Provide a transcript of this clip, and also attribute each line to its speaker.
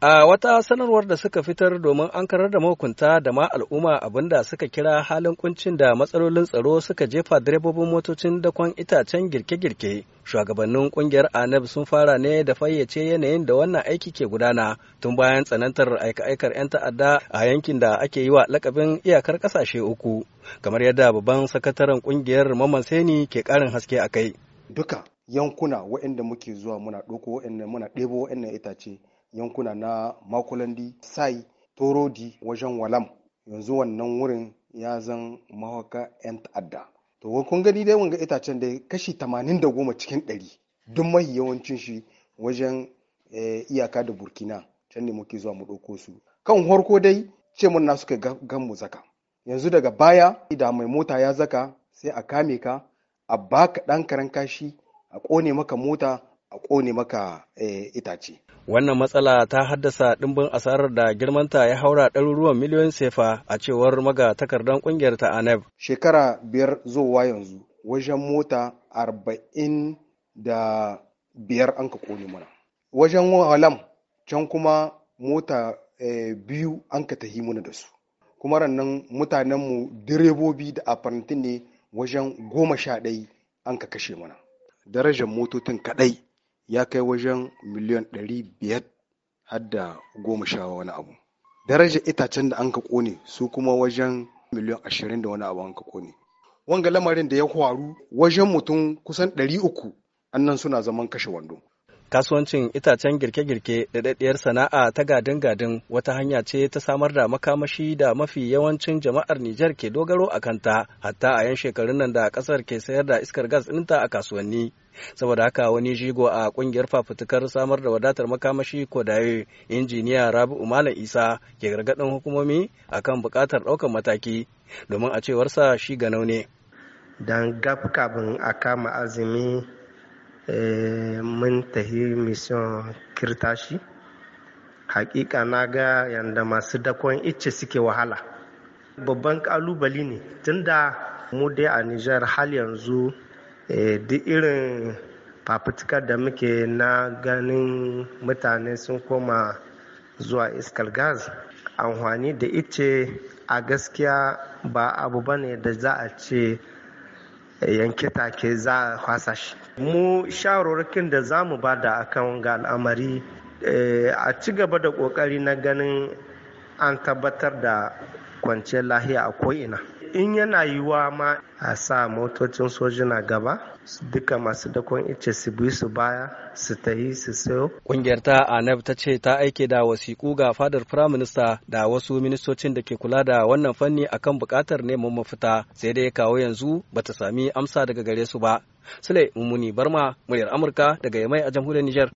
Speaker 1: A wata sanarwar da suka fitar domin an karar da mahukunta da ma al'umma abinda suka kira halin kuncin da matsalolin tsaro suka jefa direbobin motocin dakon itacen girke-girke. Shugabannin kungiyar ANAB sun fara ne da fayyace yanayin da wannan aiki ke gudana tun bayan tsanantar aika-aikar 'yan ta'adda a yankin da ake yi wa lakabin iyakar kasashe uku. Kamar yadda babban sakataren kungiyar Mamman Saini ke karin haske a kai. Duka
Speaker 2: yankuna waɗanda muke zuwa muna ɗauko waɗanda muna ɗebo waɗannan itace yankuna na makulandi sai torodi wajen walam yanzu wannan wurin ya zan mahaka 'yan ta'adda to kun gani dai wanga itacen da kashi tamanin da goma cikin ɗari duk mai yawancin shi wajen eh, iyaka da burkina can ne muke zuwa mu ɗauko su kan harko dai ce mun na suka gan mu zaka yanzu daga baya da mai mota ya zaka sai a kame ka a baka ɗan karan kashi a kone maka mota a ƙone maka eh, itace.
Speaker 1: Wannan matsala ta haddasa ɗimbin asarar da girmanta ya haura ɗaruruwan miliyoyin sefa a cewar maga takardar ƙungiyar ta ANEB.
Speaker 2: Shekara biyar zuwa yanzu wajen mota arba'in da biyar an ka ƙone mana. Wajen wahalam can kuma mota eh, biyu an ka tahi mana da su. Kuma rannan mutanenmu direbobi da afarantin ne wajen goma sha ɗai an ka kashe mana. Darajar motocin kaɗai ya kai wajen miliyan ɗari biyar har da goma sha wani abu darajar itacen da an ka kone su kuma wajen miliyan ashirin da wani abu an ka kone wanga lamarin da ya faru wajen mutum kusan ɗari uku annan suna zaman kashe
Speaker 1: wando kasuwancin itacen girke-girke da daɗaɗɗiyar sana'a ta gadin-gadin wata hanya ce ta samar da makamashi da mafi yawancin jama'ar Nijar ke dogaro a kanta hatta a 'yan shekarun nan da ƙasar ke sayar da iskar gas ɗinta a kasuwanni. saboda haka wani jigo a ƙungiyar fafutukar samar da wadatar makamashi ko daye injiniya rabi'u malam isa ke gargadin hukumomi akan bukatar ɗaukar mataki domin a cewarsa shi ganau ne
Speaker 3: dan gab kafin a kama azumi Eh, mun tahi mission kirtashi hakika na ga yadda masu dakon icce suke wahala babban kalubali ne tun da mu dai a nijar hal yanzu eh, duk irin fafutukar da muke na ganin mutane sun koma zuwa iskar gas amfani da ice a gaskiya ba abu bane da za a ce yanke take za a kwasa shi mu shawarorikin da za mu ba da akan ga al'amari eh, a ci gaba da ƙoƙari na ganin an tabbatar da kwanciyar lahiya a ko'ina in yana yiwuwa ma a sa motocin soji na gaba duka masu dakon ice su bi su baya su tahi su sayo.
Speaker 1: Kungiyar ta ANAB ta ce ta aike da wasiƙu ga fadar firaminista da wasu ministocin da ke kula da wannan fanni akan buƙatar neman mafita sai dai kawo yanzu bata sami amsa daga gare su ba. Sule Mummuni Barma, muryar Amurka daga Yamai a jamhuriyar Nijar.